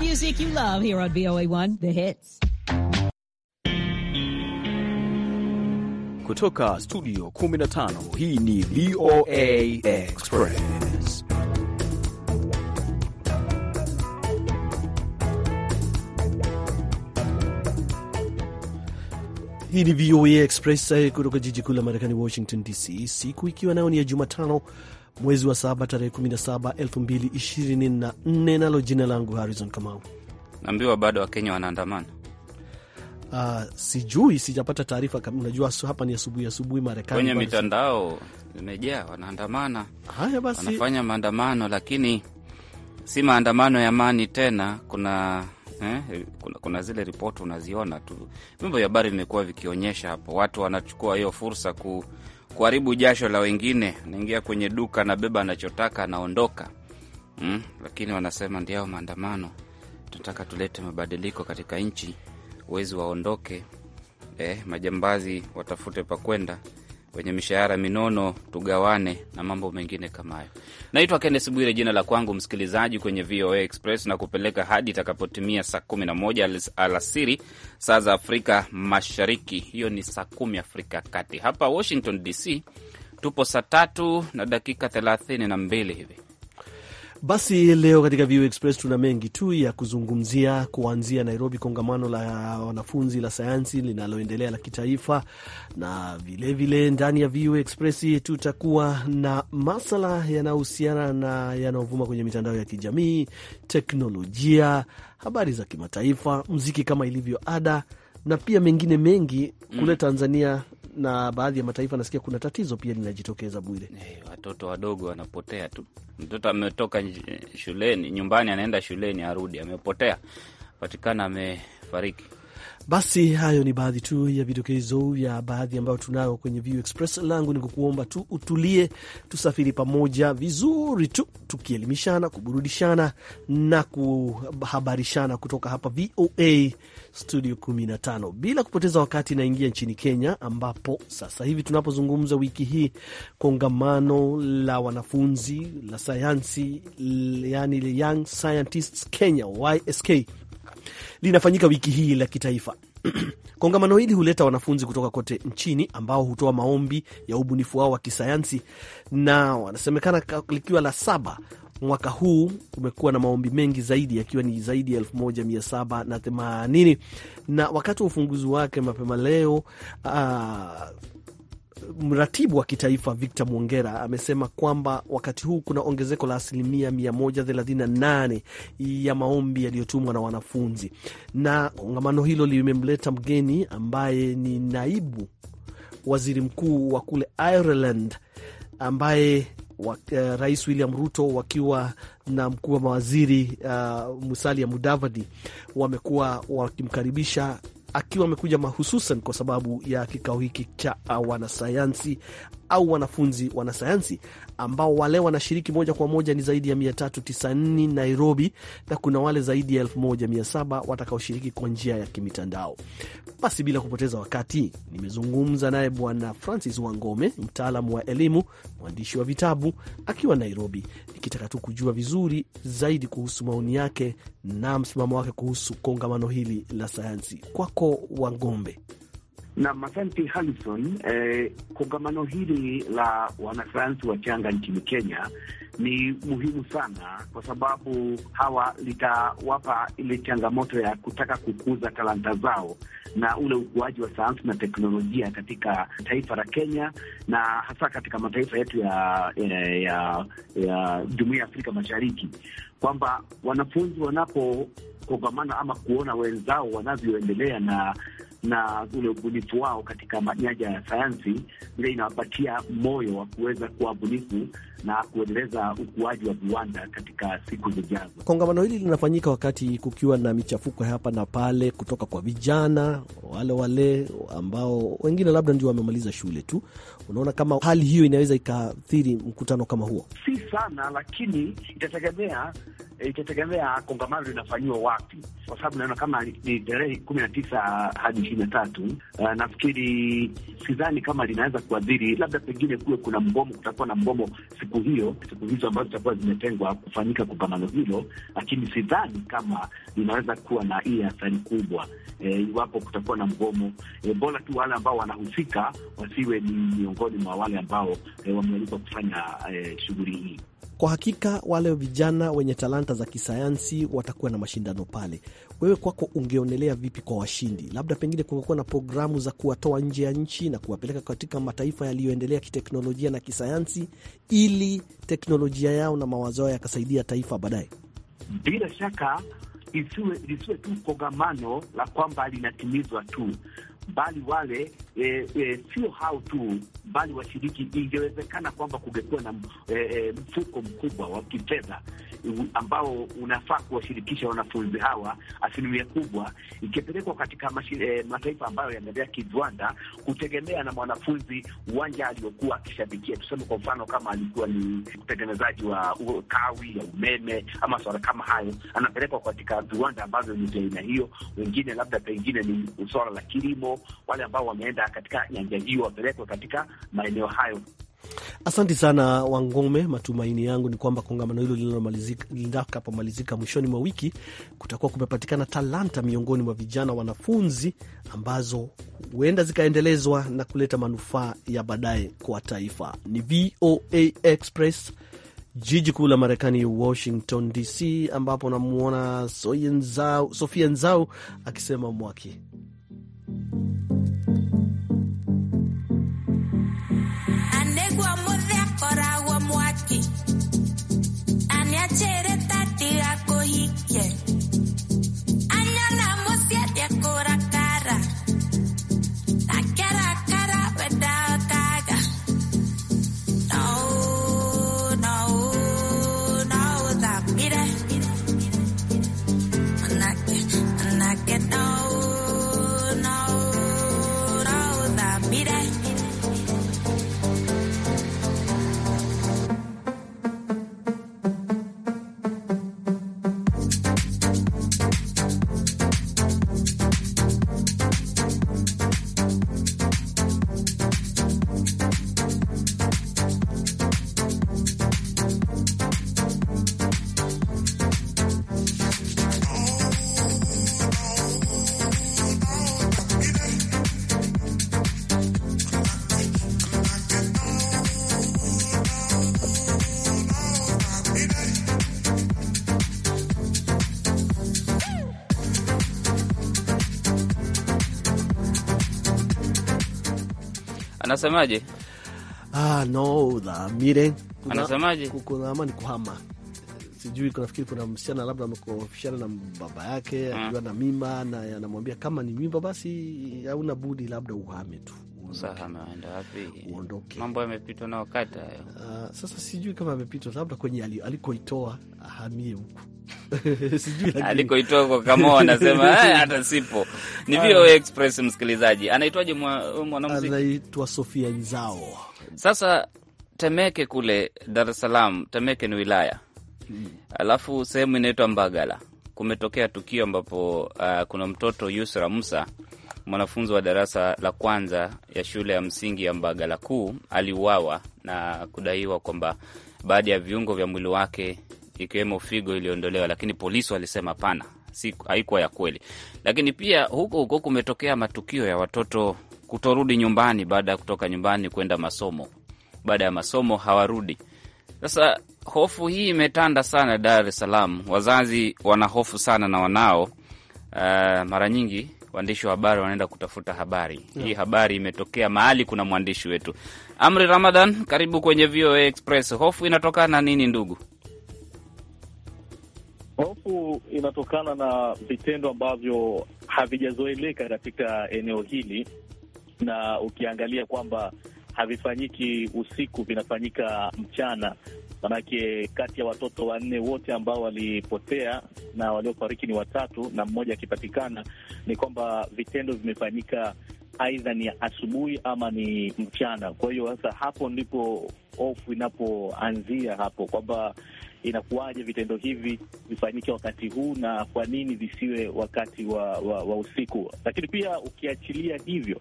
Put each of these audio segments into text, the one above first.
music you love here on VOA1, The Hits. Kutoka studio 15, hii ni VOA Express. Hii ni VOA Express eh, kutoka jiji kuu la Marekani, Washington DC, siku ikiwa nayo ni ya Jumatano mwezi wa saba tarehe 17, 2024. Nalo jina langu Harrison Kamau. Naambiwa bado Wakenya wanaandamana. Uh, sijui, sijapata taarifa. Unajua hapa ni asubuhi asubuhi Marekani, kwenye mitandao imejaa wanaandamana. Haya basi, wanafanya maandamano, lakini si maandamano ya amani tena. Kuna eh, kuna, kuna zile ripoti unaziona tu, vyombo vya habari vimekuwa vikionyesha hapo, watu wanachukua hiyo fursa ku kuharibu jasho la wengine, anaingia kwenye duka, anabeba anachotaka, anaondoka mm. Lakini wanasema ndio maandamano, tunataka tulete mabadiliko katika nchi, wezi waondoke, eh, majambazi watafute pa kwenda kwenye mishahara minono, tugawane na mambo mengine kama hayo. Naitwa Kennes Bwire, jina la kwangu msikilizaji, kwenye VOA Express na kupeleka hadi itakapotimia saa 11 alasiri saa za Afrika Mashariki. Hiyo ni saa kumi Afrika ya Kati. Hapa Washington DC tupo saa tatu na dakika 32 hivi. Basi leo katika VOA Express tuna mengi tu ya kuzungumzia, kuanzia Nairobi, kongamano la wanafunzi la sayansi linaloendelea la kitaifa, na vilevile ndani ya VOA Express tutakuwa na masala yanayohusiana na yanayovuma kwenye mitandao ya kijamii, teknolojia, habari za kimataifa, mziki kama ilivyo ada na pia mengine mengi kule mm. Tanzania na baadhi ya mataifa nasikia kuna tatizo pia linajitokeza Bwire. Hey, eh, watoto wadogo wanapotea tu. Mtoto ametoka shuleni, nyumbani, anaenda shuleni, arudi amepotea, patikana amefariki. Basi hayo ni baadhi tu ya vidokezo ya baadhi ambayo tunayo kwenye View Express. Langu ni kukuomba tu utulie, tusafiri pamoja vizuri tu tukielimishana, kuburudishana na kuhabarishana kutoka hapa VOA studio 15. Bila kupoteza wakati, naingia nchini Kenya ambapo sasa hivi tunapozungumza, wiki hii kongamano la wanafunzi la sayansi, yani Young Scientists Kenya YSK linafanyika wiki hii la kitaifa. Kongamano hili huleta wanafunzi kutoka kote nchini ambao hutoa maombi ya ubunifu wao wa kisayansi, na wanasemekana likiwa la saba mwaka huu. Kumekuwa na maombi mengi zaidi, yakiwa ni zaidi ya elfu moja mia saba na themanini na wakati wa ufunguzi wake mapema leo uh, mratibu wa kitaifa Victor Mwongera amesema kwamba wakati huu kuna ongezeko la asilimia 138 ya maombi yaliyotumwa na wanafunzi, na kongamano hilo limemleta mgeni ambaye ni naibu waziri mkuu wa kule Ireland ambaye wa, uh, Rais William Ruto wakiwa na mkuu wa mawaziri uh, Musalia Mudavadi wamekuwa wakimkaribisha akiwa amekuja mahususan kwa sababu ya kikao hiki cha wanasayansi au wanafunzi wanasayansi ambao wale wanashiriki moja kwa moja ni zaidi ya 390 Nairobi, na kuna wale zaidi ya 1700 watakaoshiriki kwa njia ya kimitandao. Basi bila kupoteza wakati, nimezungumza naye Bwana Francis Wangome, mtaalamu wa elimu, mwandishi wa vitabu, akiwa Nairobi, nikitaka tu kujua vizuri zaidi kuhusu maoni yake na msimamo wake kuhusu kongamano hili la sayansi. Kwako Wangombe na asante Harrison. Eh, kongamano hili la wanasayansi wachanga nchini Kenya ni muhimu sana kwa sababu hawa litawapa ile changamoto ya kutaka kukuza talanta zao na ule ukuaji wa sayansi na teknolojia katika taifa la Kenya na hasa katika mataifa yetu ya ya ya Jumuiya ya Afrika Mashariki, kwamba wanafunzi wanapokongamana ama kuona wenzao wanavyoendelea na na ule ubunifu wao katika manyaja ya sayansi, ile inawapatia moyo wa kuweza kuwa bunifu na kuendeleza ukuaji wa viwanda katika siku zijazo. Kongamano hili linafanyika wakati kukiwa na michafuko hapa na pale kutoka kwa vijana wale wale ambao wengine labda ndio wamemaliza shule tu. Unaona kama hali hiyo inaweza ikaathiri mkutano kama huo? Si sana, lakini itategemea itategemea kongamano linafanyiwa wapi, kwa sababu naona kama ni tarehe kumi na tisa hadi ishirini na tatu. Uh, nafikiri sidhani kama linaweza kuadhiri, labda pengine kuwe kuna mgomo, kutakuwa na mgomo siku hiyo, siku hizo ambazo zitakuwa zimetengwa kufanyika kongamano hilo, lakini sidhani kama linaweza kuwa na hii athari kubwa eh, iwapo e, kutakuwa na mgomo e, bora tu wale ambao wanahusika wasiwe ni miongoni mwa wale ambao e, wamealikwa kufanya e, shughuli hii. Kwa hakika wale vijana wenye talanta za kisayansi watakuwa na mashindano pale. Wewe kwako ungeonelea vipi kwa washindi? Labda pengine kungekuwa na programu za kuwatoa nje ya nchi na kuwapeleka katika mataifa yaliyoendelea kiteknolojia na kisayansi, ili teknolojia yao na mawazo yao yakasaidia taifa baadaye. Bila shaka lisiwe tu kongamano la kwamba linatimizwa tu, bali wale e, e, sio hao tu, bali washiriki. Ingewezekana kwamba kungekuwa na e, e, mfuko mkubwa wa kifedha ambao unafaa kuwashirikisha wanafunzi hawa, asilimia kubwa ikipelekwa katika e, mataifa ambayo yameendelea kiviwanda, kutegemea na mwanafunzi uwanja aliokuwa akishabikia. Tuseme kwa mfano, kama alikuwa ni utengenezaji wa kawi ya umeme ama swala kama hayo, anapelekwa katika viwanda ambavyo ni vya aina hiyo. Wengine labda pengine ni swala la kilimo wale ambao wameenda katika nyanja hiyo wapelekwe katika maeneo hayo. Asanti sana Wangome. Matumaini yangu ni kwamba kongamano hilo litakapomalizika mwishoni mwa wiki kutakuwa kumepatikana talanta miongoni mwa vijana wanafunzi ambazo huenda zikaendelezwa na kuleta manufaa ya baadaye kwa taifa. Ni VOA Express, jiji kuu la Marekani, Washington DC, ambapo namwona Sofia Nzau akisema mwaki चेहरे ताटी रात को ही ये anasemaje? Ah, no dhamire anasemaje? Kukuhama ni kuhama sijui nafikiri kuna msichana labda amekofishana na baba yake ah. akiwa na mimba, na anamwambia kama ni mimba basi hauna budi labda uhame tu uondoke. Mambo yamepitwa na wakati hayo. Uh, sasa sijui kama amepitwa labda kwenye alikoitoa ahamie huku alikoitoa kwa kamao anasema hata sipo. Ni VOA Express. Msikilizaji anaitwaje mwanamuziki? Anaitwa Sofia Nzao. Sasa Temeke kule Dar es Salaam, Temeke ni wilaya hmm. Alafu sehemu inaitwa Mbagala kumetokea tukio ambapo uh, kuna mtoto Yusra Musa mwanafunzi wa darasa la kwanza ya shule ya msingi ya Mbagala Kuu aliuawa na kudaiwa kwamba baadhi ya viungo vya mwili wake ikiwemo figo iliyoondolewa, lakini polisi walisema pana, si haikuwa ya kweli. Lakini pia huko huko kumetokea matukio ya watoto kutorudi nyumbani baada ya kutoka nyumbani kwenda masomo, baada ya masomo hawarudi. Sasa hofu hii imetanda sana Dar es Salaam, wazazi wana hofu sana na wanao. Uh, mara nyingi waandishi wa habari wanaenda kutafuta habari yeah. Hii habari imetokea mahali kuna mwandishi wetu Amri Ramadan, karibu kwenye VOA Express. Hofu inatokana nini ndugu? Hofu inatokana na vitendo ambavyo havijazoeleka katika eneo hili, na ukiangalia kwamba havifanyiki usiku, vinafanyika mchana. Manake kati ya watoto wanne wote ambao walipotea na waliofariki ni watatu, na mmoja akipatikana, ni kwamba vitendo vimefanyika aidha ni asubuhi ama ni mchana. Kwa hiyo sasa hapo ndipo hofu inapoanzia hapo, kwamba inakuwaje vitendo hivi vifanyike wakati huu na kwa nini visiwe wakati wa, wa, wa usiku? Lakini pia ukiachilia hivyo,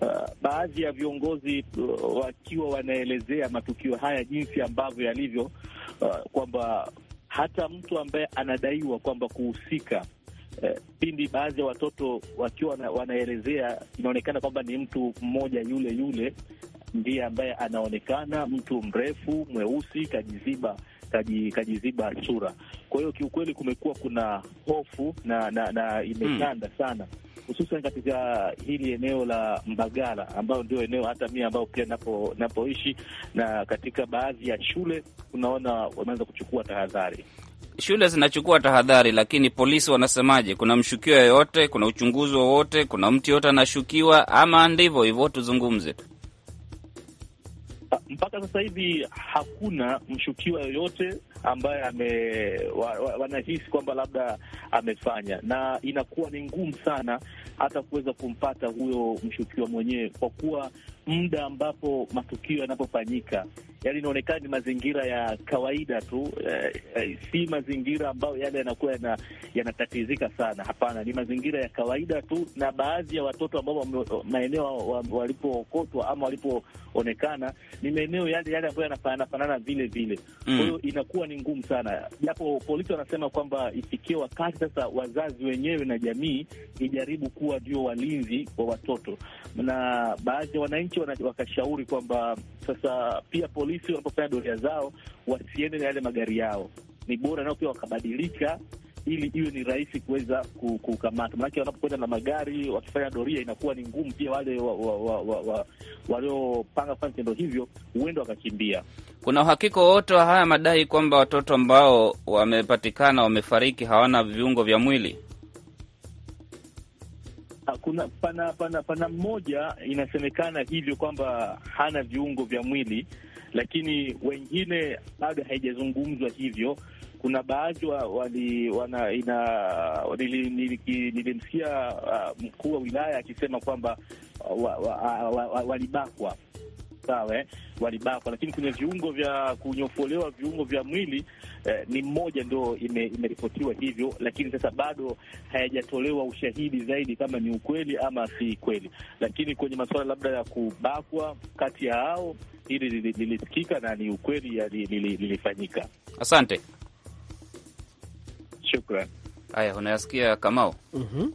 uh, baadhi ya viongozi uh, wakiwa wanaelezea matukio haya jinsi ambavyo yalivyo, uh, kwamba hata mtu ambaye anadaiwa kwamba kuhusika uh, pindi baadhi ya watoto wakiwa wanaelezea, inaonekana kwamba ni mtu mmoja yule yule ndiye ambaye anaonekana mtu mrefu mweusi, kajiziba kajiziba kaji sura. Kwa hiyo kiukweli kumekuwa kuna hofu na, na, na imetanda hmm, sana hususan katika hili eneo la Mbagala ambayo ndio eneo hata mi ambayo pia napo napoishi, na katika baadhi ya shule unaona wameanza kuchukua tahadhari. Shule zinachukua tahadhari, lakini polisi wanasemaje? Kuna mshukiwa yoyote? Kuna uchunguzi wowote? Kuna mtu yoyote anashukiwa ama ndivyo hivyo? Tuzungumze tu mpaka sasa hivi hakuna mshukiwa yoyote ambaye ame wa, wa, wanahisi kwamba labda amefanya, na inakuwa ni ngumu sana hata kuweza kumpata huyo mshukiwa mwenyewe kwa kuwa muda ambapo matukio yanapofanyika, yani inaonekana ni mazingira ya kawaida tu eh, eh, si mazingira ambayo yale yanakuwa yanatatizika sana. Hapana, ni mazingira ya kawaida tu, na baadhi ya watoto ambao maeneo walipookotwa ama walipoonekana ni maeneo yale yale ambayo yanafanana vile vile. Mm. Kwa hiyo mm, inakuwa ni ngumu sana, japo polisi wanasema kwamba ifikie wakati sasa wazazi wenyewe na jamii ijaribu kuwa ndio walinzi wa watoto na baadhi ya wananchi wananchi wakashauri kwamba sasa pia polisi wanapofanya doria zao wasiende na yale magari yao, ni bora nao pia wakabadilika ili iwe ni rahisi kuweza kukamata, manake wanapokwenda na magari wakifanya doria inakuwa ni ngumu. Pia wale waliopanga kufanya vitendo hivyo huenda wakakimbia. Kuna uhakika wowote wa haya madai kwamba watoto ambao wamepatikana wamefariki hawana viungo vya mwili? kuna pana pana pana mmoja inasemekana hivyo kwamba hana viungo vya mwili, lakini wengine bado haijazungumzwa hivyo. Kuna baadhi wali wana ina nilimsikia uh, mkuu wa wilaya akisema kwamba walibakwa wa, wa, wa, wa, sawa, eh, walibakwa, lakini kwenye viungo vya kunyofolewa viungo vya mwili eh, ni mmoja ndo imeripotiwa ime hivyo, lakini sasa bado hayajatolewa ushahidi zaidi kama ni ukweli ama si kweli. Lakini kwenye masuala labda ya kubakwa kati ya hao, hili lilisikika na ni ukweli lilifanyika. Asante, shukran. Haya, unayasikia Kamao. mm -hmm.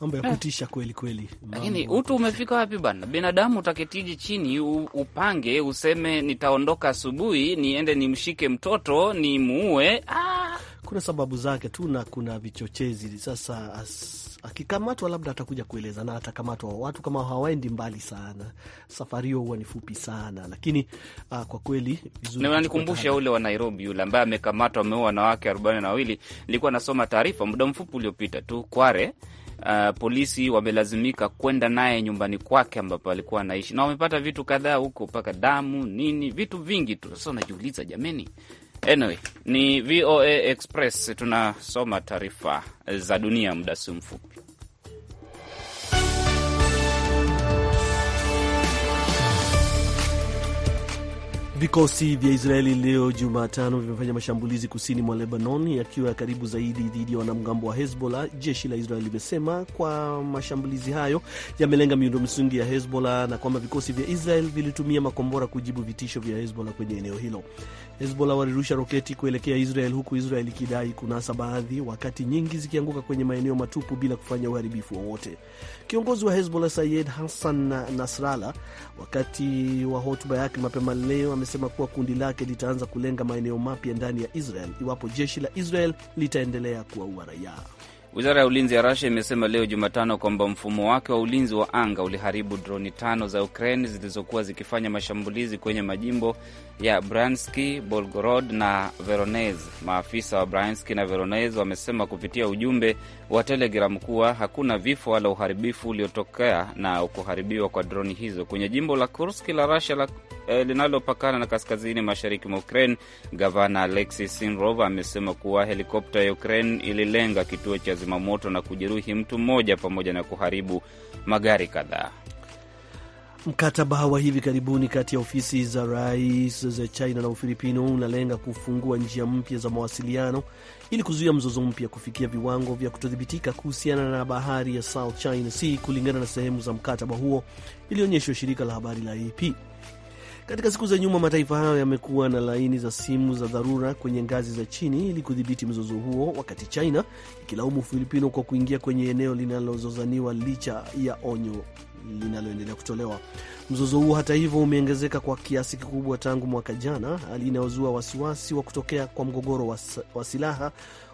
Mambo ya kutisha kweli kweli. Lakini utu umefika wapi bana? Binadamu utaketiji chini upange useme nitaondoka asubuhi niende nimshike mtoto nimuue. Ah! kuna sababu zake tu na kuna vichochezi. Sasa as, akikamatwa labda atakuja kueleza, na atakamatwa. Watu kama hawaendi mbali sana, safari hiyo huwa ni fupi sana, lakini uh, kwa kweli nanikumbusha ule wa Nairobi yule ambaye amekamatwa, ameua wanawake arobaini na wawili. Nilikuwa nasoma taarifa muda mfupi uliopita tu Kware uh, polisi wamelazimika kwenda naye nyumbani kwake ambapo alikuwa anaishi, na wamepata vitu kadhaa huko, mpaka damu, nini, vitu vingi tu. Sasa unajiuliza jameni. Anyway, ni VOA Express, tunasoma taarifa za dunia muda si mfupi. Vikosi vya Israeli leo Jumatano vimefanya mashambulizi kusini mwa Lebanon yakiwa ya karibu zaidi dhidi ya wanamgambo wa Hezbollah. Jeshi la Israeli limesema kwa mashambulizi hayo yamelenga miundo msingi ya Hezbollah na kwamba vikosi vya Israel vilitumia makombora kujibu vitisho vya Hezbollah kwenye eneo hilo. Hezbollah walirusha roketi kuelekea Israel huku Israel ikidai kunasa baadhi, wakati nyingi zikianguka kwenye maeneo matupu bila kufanya uharibifu wowote. Kiongozi wa Hezbollah Sayed Hassan nasrala wakati wa hotuba yake mapema leo, amesema kuwa kundi lake litaanza kulenga maeneo mapya ndani ya Israel iwapo jeshi la Israel litaendelea kuwaua raia. Wizara ya ulinzi ya Rasia imesema leo Jumatano kwamba mfumo wake wa ulinzi wa anga uliharibu droni tano za Ukraine zilizokuwa zikifanya mashambulizi kwenye majimbo ya Branski, Bolgorod na Veronez. Maafisa wa Branski na Veronez wamesema kupitia ujumbe wa Telegram kuwa hakuna vifo wala uharibifu uliotokea na kuharibiwa kwa droni hizo. Kwenye jimbo la Kurski la Rasia eh, linalopakana na kaskazini mashariki mwa Ukraine, gavana Alexi Sinrov amesema kuwa helikopta ya Ukraine ililenga kituo cha moto na kujeruhi mtu mmoja pamoja na kuharibu magari kadhaa. Mkataba wa hivi karibuni kati ya ofisi za rais za China na Ufilipino unalenga kufungua njia mpya za mawasiliano ili kuzuia mzozo mpya kufikia viwango vya kutothibitika kuhusiana na bahari ya South China Sea, kulingana na sehemu za mkataba huo iliyoonyeshwa shirika la habari la AP. Katika siku za nyuma, mataifa hayo yamekuwa na laini za simu za dharura kwenye ngazi za chini ili kudhibiti mzozo huo, wakati China ikilaumu Filipino kwa kuingia kwenye eneo linalozozaniwa licha ya onyo linaloendelea kutolewa. Mzozo huo hata hivyo umeongezeka kwa kiasi kikubwa tangu mwaka jana, hali inayozua wasiwasi wa kutokea kwa mgogoro wa silaha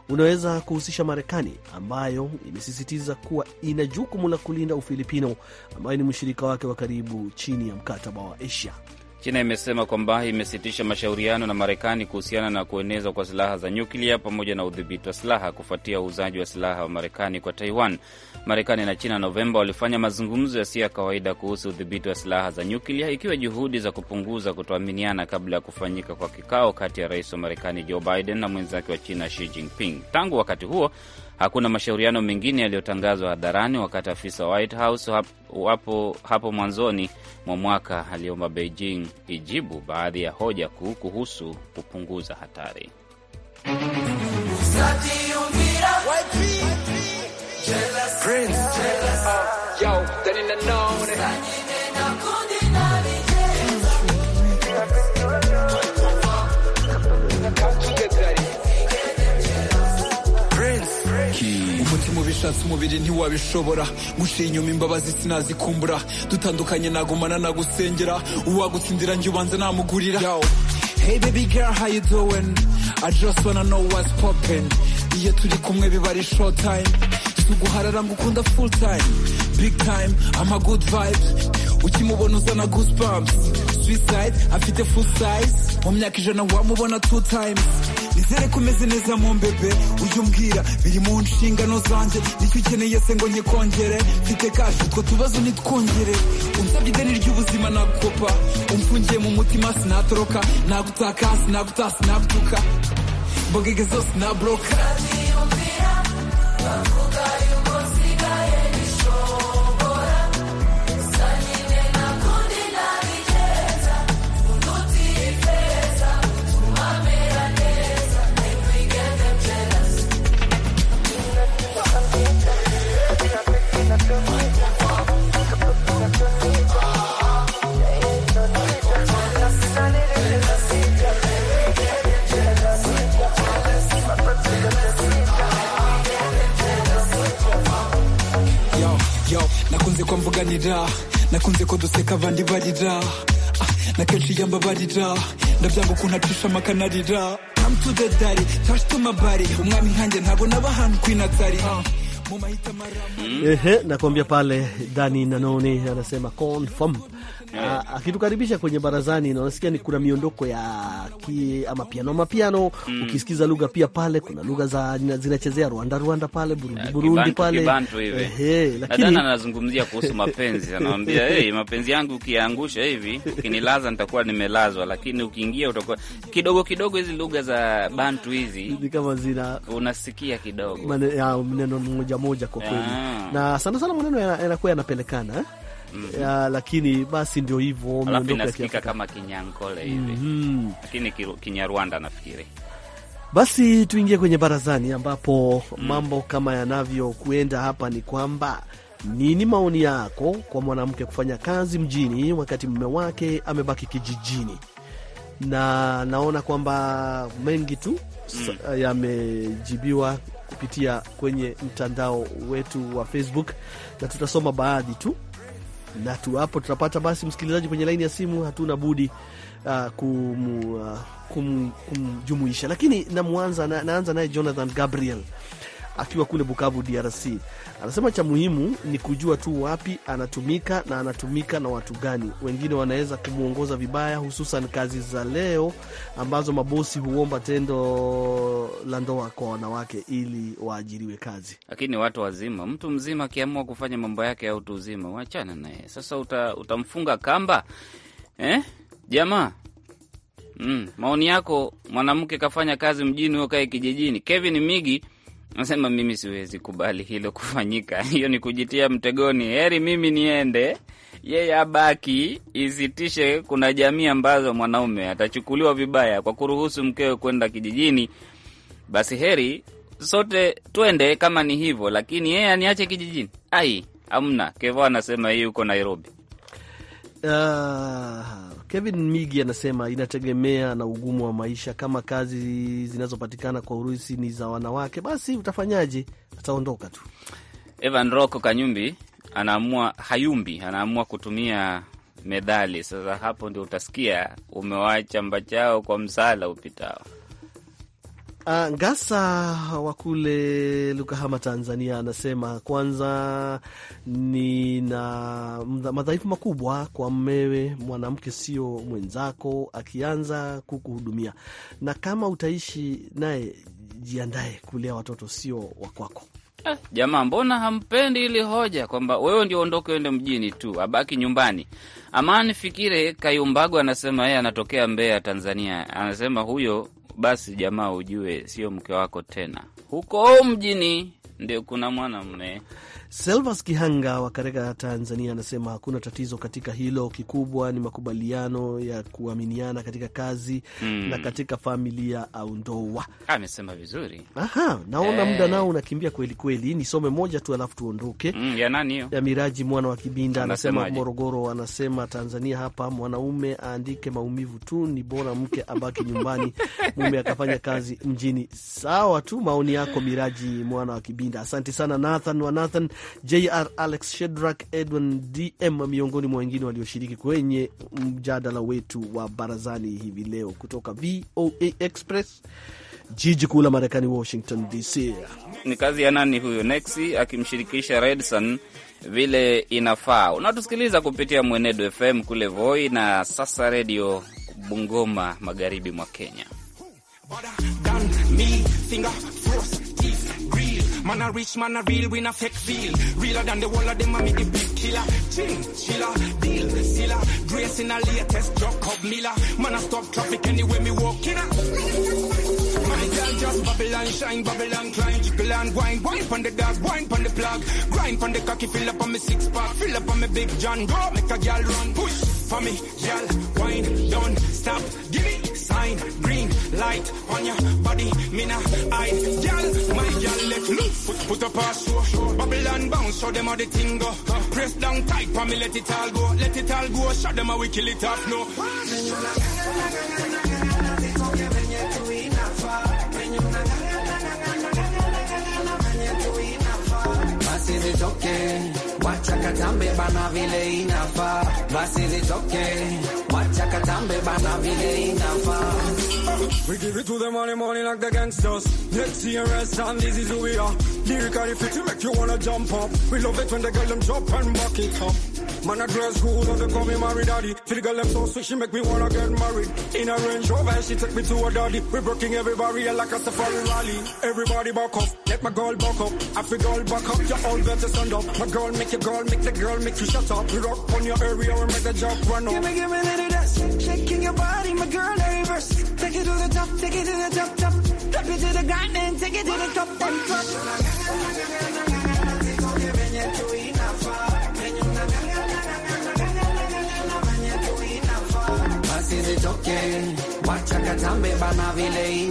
unaweza kuhusisha Marekani ambayo imesisitiza kuwa ina jukumu la kulinda Ufilipino ambayo ni mshirika wake wa karibu chini ya mkataba wa Asia. China imesema kwamba imesitisha mashauriano na Marekani kuhusiana na kuenezwa kwa silaha za nyuklia pamoja na udhibiti wa silaha kufuatia uuzaji wa silaha wa Marekani kwa Taiwan. Marekani na China Novemba walifanya mazungumzo yasiyo ya kawaida kuhusu udhibiti wa silaha za nyuklia, ikiwa juhudi za kupunguza kutoaminiana kabla ya kufanyika kwa kikao kati ya rais wa Marekani Joe Biden na mwenzake wa China Xi Jinping. Tangu wakati huo Hakuna mashauriano mengine yaliyotangazwa hadharani, wakati afisa wa White House wapo hapo mwanzoni mwa mwaka aliomba Beijing ijibu baadhi ya hoja kuu kuhusu kupunguza hatari bishatse umubiri ntiwabishobora guciye inyuma imbabazi sinazikumbura dutandukanye nagumana nagusengera uwagutsindira njye ubanza namugurira Hey baby girl, how you doing? I just wanna know what's poppin'. Iyo turi kumwe biba ari short time. Suguharara ngukunda full time. Big time, I'm a good vibes. Ukimubona uzana goosebumps. suicide afite full size mu myaka ijana wamubona two times izere ko umeze neza mu mbebe ujye umbwira biri mu nshingano zanjye nicyo ukeneye se ngo nyikongere mfite kashi utwo tubazo nitwongere unsabye ideni ry'ubuzima nagukopa umfungiye mu mutima sinatoroka nagutaka sinagutaha sinagutuka mbogege zose nabroka kwamvuganira nakunze ko abandi barira ah, na kenshi yambabarira ndabyanga ukuntu acisha amakanarira come to the daddy touch to my body umwami nkanjye ntabwo naba ahantu kwinatari uh. Hmm? Ehe, nakuambia pale Dani Nanoni anasema confirm ah, akitukaribisha kwenye barazani na unasikia ni kuna miondoko ya ki, ama piano ama piano mm. Ukisikiza lugha pia pale kuna lugha za zinachezea Rwanda Rwanda pale Burundi ya, Burundi kibantu, pale kibantu ehe, lakini anazungumzia kuhusu mapenzi anamwambia hey, mapenzi yangu ukiangusha hivi ukinilaza nitakuwa nimelazwa, lakini ukiingia utakuwa kidogo kidogo. Hizi lugha za bantu hizi ni kama zina unasikia kidogo neno moja moja kwa kweli yeah. Na sana sana maneno yanakuwa yanapelekana Mm -hmm. Ya, lakini basi ndio hivyo, inasikika kama Kinyankole hivi mm -hmm. Lakini Kinyarwanda nafikiri. Basi tuingie kwenye barazani ambapo mm. mambo kama yanavyokuenda hapa ni kwamba nini maoni yako kwa mwanamke kufanya kazi mjini wakati mume wake amebaki kijijini? Na naona kwamba mengi tu mm. yamejibiwa kupitia kwenye mtandao wetu wa Facebook, na tutasoma baadhi tu na tu hapo tutapata basi msikilizaji kwenye laini ya simu, hatuna budi uh, uh kumjumuisha uh, kum, lakini namwanza na, naanza naye Jonathan Gabriel akiwa kule Bukavu, DRC. Anasema cha muhimu ni kujua tu wapi anatumika na anatumika na watu gani. Wengine wanaweza kumwongoza vibaya, hususan kazi za leo ambazo mabosi huomba tendo la ndoa kwa wanawake ili waajiriwe kazi. Lakini watu wazima, mtu mzima akiamua kufanya mambo yake ya utu uzima, wachana naye. Sasa uta, utamfunga kamba eh? Jamaa mm, maoni yako. Mwanamke kafanya kazi mjini, huyo kae kijijini. Kevin Migi Nasema mimi siwezi kubali hilo kufanyika. Hiyo ni kujitia mtegoni. Heri mimi niende, yeye abaki, isitishe. Kuna jamii ambazo mwanaume atachukuliwa vibaya kwa kuruhusu mkewe kwenda kijijini, basi heri sote twende kama ni hivyo, lakini yeye aniache kijijini. Ai, amna. Kevo anasema hii huko Nairobi. Uh, Kevin Migi anasema inategemea na ugumu wa maisha. Kama kazi zinazopatikana kwa Urusi ni za wanawake, basi utafanyaje? Ataondoka tu. Evan Roko Kanyumbi anaamua hayumbi, anaamua kutumia medali. Sasa hapo ndio utasikia umewacha mbachao kwa msala upitao. Uh, Ngasa wa kule Lukahama, Tanzania, anasema kwanza, nina madhaifu makubwa kwa mmewe. Mwanamke sio mwenzako, akianza kukuhudumia, na kama utaishi naye jiandae kulea watoto sio wakwako. Eh, ah, jamaa, mbona hampendi ili hoja kwamba wewe ndio ondoke uende mjini tu abaki nyumbani? Amani Fikire kayumbagwa anasema yeye anatokea Mbeya, Tanzania, anasema huyo basi jamaa ujue sio mke wako tena. Huko mjini ndio kuna mwanamume Selvas Kihanga wa Kareka, Tanzania, anasema hakuna tatizo katika hilo, kikubwa ni makubaliano ya kuaminiana katika kazi mm, na katika familia au ndoa. Amesema vizuri. Aha, naona hey, muda eh. nao unakimbia kweli kweli, nisome moja tu alafu tuondoke. Mm, ya nani hiyo? Ya Miraji mwana wa Kibinda anasema Morogoro, anasema Tanzania hapa mwanaume aandike maumivu tu, ni bora mke abaki nyumbani, mume akafanya kazi mjini. Sawa tu maoni yako Miraji mwana wa Kibinda, asante sana Nathan wa Nathan JR Alex Shedrack, Edwin DM miongoni mwa wengine walioshiriki kwenye mjadala wetu wa barazani hivi leo kutoka VOA Express, jiji kuu la Marekani, Washington DC. Ni kazi ya nani huyo Nexi akimshirikisha Redson vile inafaa. Unatusikiliza kupitia Mwenedo FM kule Voi na sasa redio Bungoma, magharibi mwa Kenya. Man a rich, man a real, we a fake feel. Realer than the wall of them, I me the big killer. Chill, chiller, deal, sealer. Grace in a latest drop of miller. Man a stop traffic anywhere me walk in a. just Babylon shine, Babylon climb, jiggle wine, wine from the dog, wine from the plug, grind from the cocky, fill up on me six pack, fill up on me big John, go make a gal run, push for me, gal, wine, don't stop, give sign, green light on your body, me nah hide. Girl, my girl, let loose. Put, put up a show, Babylon bounce, show them how the thing go. Press down tight, pa me let it all go, let it all go. Show them how we kill it off no. okay. wacha katambe bana vile inafaa, basi zitoke, wacha katambe bana vile inafaa. We give it to them money money like the gangsters. Next CRS and this is who we are. Lyrical if it make you wanna jump up. We love it when the girl them drop and back it up. Man, I dress cool, and they call me married daddy. Till the girl so sweet, she make me wanna get married. In a Range Rover, she take me to a daddy. We breaking every barrier like a safari rally. Everybody back off, let my girl back up. I feel girl back up, you all better stand up. My girl make your girl, make the girl make you shut up. We rock on your area and make the job run up. Give me, give me, little dance, shake, shaking your body, my girl, no reverse. Take it to the top, take it to the top, top. take it to the ground and take it to the top, top, top. zitoke, wacha katambe bana vile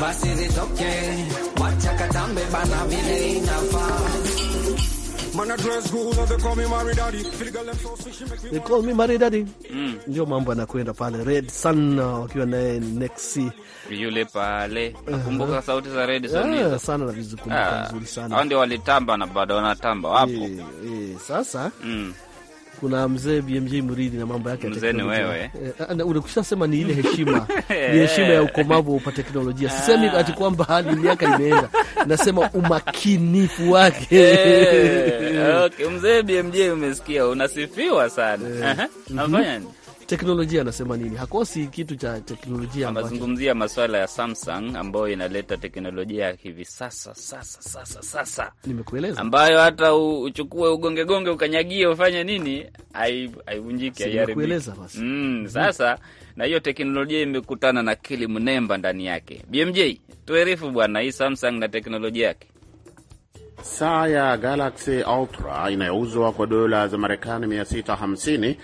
basi zitoke, wacha katambe bana vile They call me maridadi mm. Ndio mambo anakwenda pale Red Sun wakiwa naye Nexi yule pale nakumbuka uh -huh. Sauti za Red Sun yeah, sana na vizukumbuka ah. vizuri sana. Hao ndio walitamba na bado wanatamba wapo. Eh, eh, sasa mm kuna mzee BMJ Mridhi na mambo yake ya teknolojia. Eh, eh, Unashasema ni ile heshima ni heshima ya ukomavu wa teknolojia. Sisemi ah. ati kwamba hali miaka imeenda, nasema umakinifu wake Okay, mzee BMJ umesikia, unasifiwa sana yeah. Eh. Mhm. nini? teknolojia anasema nini? Hakosi kitu cha teknolojia, anazungumzia maswala ya Samsung ambayo inaleta teknolojia ya hivi sasa sasa sasa sasa, nimekueleza, ambayo hata uchukue ugongegonge ukanyagie ufanye nini, haivunjiki haiharibiki. Mm, mhm. sasa na hiyo teknolojia imekutana na kili mnemba ndani yake. BMJ tuerifu bwana, hii Samsung na teknolojia yake saa ya Galaxy Ultra inayouzwa kwa dola za Marekani 650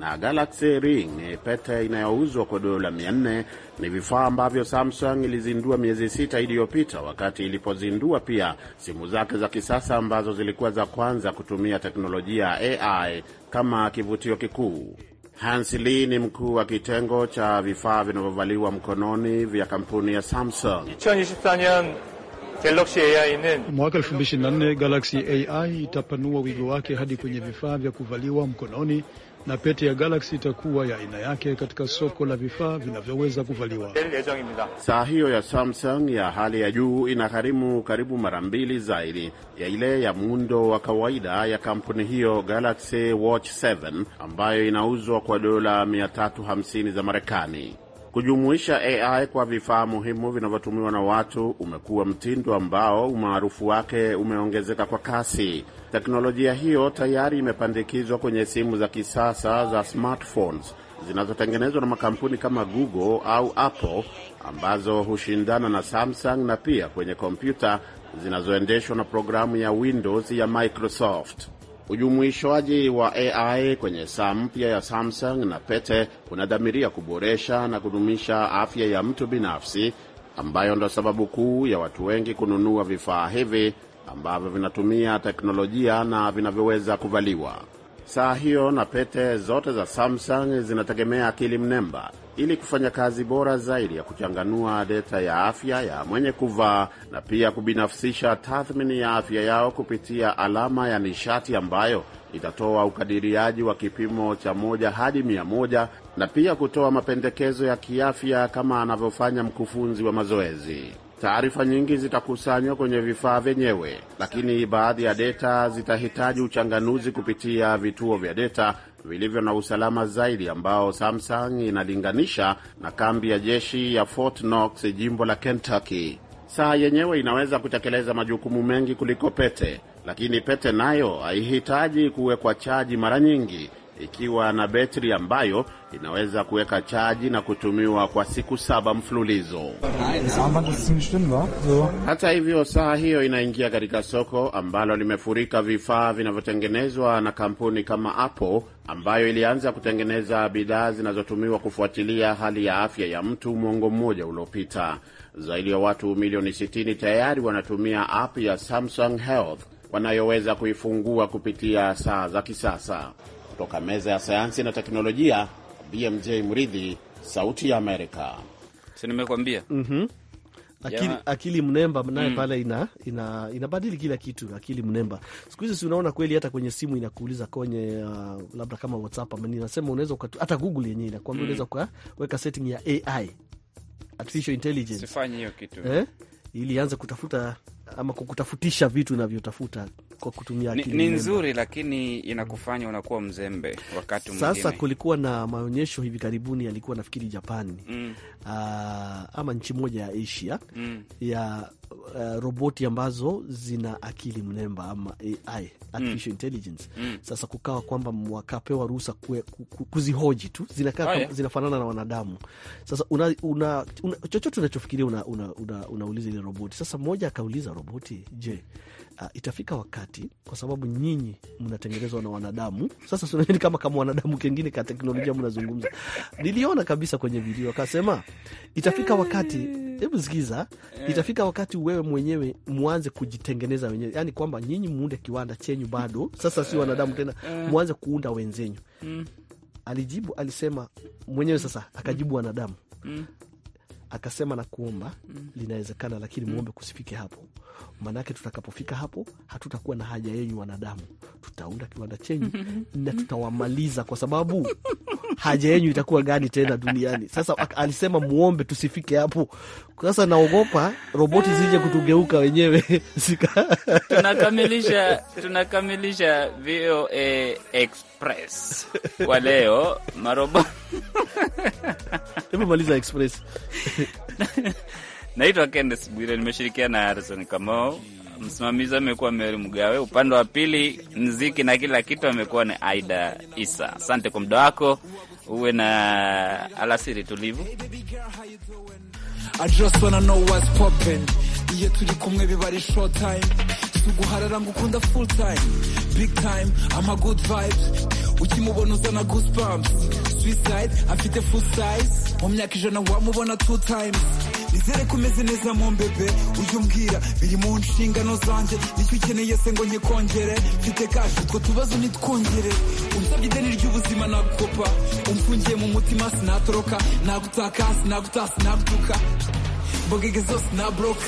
na Galaxy Ring, pete inayouzwa kwa dola 400, ni vifaa ambavyo Samsung ilizindua miezi sita iliyopita, wakati ilipozindua pia simu zake za kisasa ambazo zilikuwa za kwanza kutumia teknolojia ya AI kama kivutio kikuu. Hans Lee ni mkuu wa kitengo cha vifaa vinavyovaliwa mkononi vya kampuni ya Samsung. Mwaka 2024 Galaxy AI itapanua wigo wake hadi kwenye vifaa vya kuvaliwa mkononi na pete ya Galaxy itakuwa ya aina yake katika soko la vifaa vinavyoweza kuvaliwa. Saa hiyo ya Samsung ya hali ya juu inagharimu karibu mara mbili zaidi ya ile ya muundo wa kawaida ya kampuni hiyo, Galaxy Watch 7 ambayo inauzwa kwa dola 350 za Marekani. Kujumuisha AI kwa vifaa muhimu vinavyotumiwa na watu umekuwa mtindo ambao umaarufu wake umeongezeka kwa kasi. Teknolojia hiyo tayari imepandikizwa kwenye simu za kisasa za smartphones zinazotengenezwa na makampuni kama Google au Apple ambazo hushindana na Samsung na pia kwenye kompyuta zinazoendeshwa na programu ya Windows ya Microsoft. Ujumuishwaji wa AI kwenye saa mpya ya Samsung na Pete unadhamiria kuboresha na kudumisha afya ya mtu binafsi, ambayo ndo sababu kuu ya watu wengi kununua vifaa hivi ambavyo vinatumia teknolojia na vinavyoweza kuvaliwa. Saa hiyo na pete zote za Samsung zinategemea akili mnemba ili kufanya kazi bora zaidi ya kuchanganua deta ya afya ya mwenye kuvaa na pia kubinafsisha tathmini ya afya yao kupitia alama ya nishati ambayo itatoa ukadiriaji wa kipimo cha moja hadi mia moja na pia kutoa mapendekezo ya kiafya kama anavyofanya mkufunzi wa mazoezi. Taarifa nyingi zitakusanywa kwenye vifaa vyenyewe, lakini baadhi ya deta zitahitaji uchanganuzi kupitia vituo vya deta vilivyo na usalama zaidi ambao Samsung inalinganisha na kambi ya jeshi ya Fort Knox, jimbo la Kentucky. Saa yenyewe inaweza kutekeleza majukumu mengi kuliko pete, lakini pete nayo haihitaji kuwekwa chaji mara nyingi ikiwa na betri ambayo inaweza kuweka chaji na kutumiwa kwa siku saba mfululizo. Hata hivyo, saa hiyo inaingia katika soko ambalo limefurika vifaa vinavyotengenezwa na kampuni kama Apple ambayo ilianza kutengeneza bidhaa zinazotumiwa kufuatilia hali ya afya ya mtu mwongo mmoja uliopita. Zaidi ya watu milioni 60 tayari wanatumia app ya Samsung Health wanayoweza kuifungua kupitia saa za kisasa. Kutoka meza ya sayansi na teknolojia, BMJ Mridhi, Sauti ya Amerika. Si nimekuambia? mm -hmm. Akili, yeah. akili mnemba naye mm. pale ina, ina, inabadili kila kitu. Akili mnemba siku hizi si unaona kweli, hata kwenye simu inakuuliza kwenye uh, labda kama WhatsApp ama nasema unaweza hata Google yenyewe inakuambia mm. unaweza ukaweka setting ya AI, artificial intelligence, sifanye hiyo kitu eh, ili anze kutafuta ama kukutafutisha vitu unavyotafuta kwa kutumia akili ni nzuri, lakini inakufanya unakuwa mzembe wakati mwingine. Sasa kulikuwa na maonyesho hivi karibuni, yalikuwa nafikiri Japani mm. uh, ama nchi moja ya Asia mm. ya Uh, roboti ambazo zina akili mnemba ama AI, artificial mm. intelligence mm. Sasa kukawa kwamba wakapewa ruhusa kuzihoji tu, zinakaa oh, yeah. zinafanana na wanadamu. Sasa una, una, una, chochote unachofikiria unauliza una, una, una ile roboti. Sasa mmoja akauliza roboti, je, uh, itafika wakati, kwa sababu nyinyi mnatengenezwa na wanadamu. Sasa sunajeni kama kama wanadamu kengine ka teknolojia mnazungumza, niliona kabisa kwenye video akasema, itafika wakati, hebu sikiza, itafika wakati wewe mwenyewe muanze kujitengeneza wenyewe, yani kwamba nyinyi muunde kiwanda chenyu bado, sasa si wanadamu tena, muanze kuunda wenzenyu. Mm. Alijibu, alisema mwenyewe sasa, akajibu wanadamu mm akasema na kuomba mm. linawezekana, lakini mwombe mm. kusifike hapo, maanake tutakapofika hapo hatutakuwa na haja yenyu wanadamu, tutaunda kiwanda chenyu na tutawamaliza kwa sababu haja yenyu itakuwa gani tena duniani? Sasa alisema muombe tusifike hapo. Sasa naogopa roboti zije kutugeuka wenyewe tunakamilisha, tunakamilisha VOA Express kwa leo marobo tumemaliza Express. Naitwa Kendes Bwire, nimeshirikiana na Harison Kamao. Msimamizi amekuwa Meri Mgawe, upande wa pili mziki na kila kitu amekuwa ni Aida Isa. Asante kwa muda wako uwe na alasiri tulivu. Suguharara ngukunda full time big time ama good vibes ukimubona uzana goosebumps suicide afite full size mu myaka ijana wamubona two times nizere ko umeze neza mu mbebe ujye umbwira biri mu nshingano zanjye nicyo ukeneye se ngo nkikongere mfite kashi utwo tubazo nitwongere unsabye ideni ry'ubuzima nagukopa umfungiye mu mutima sinatoroka nagutaka sinagutasa sinagutuka mbogege zose na bavuga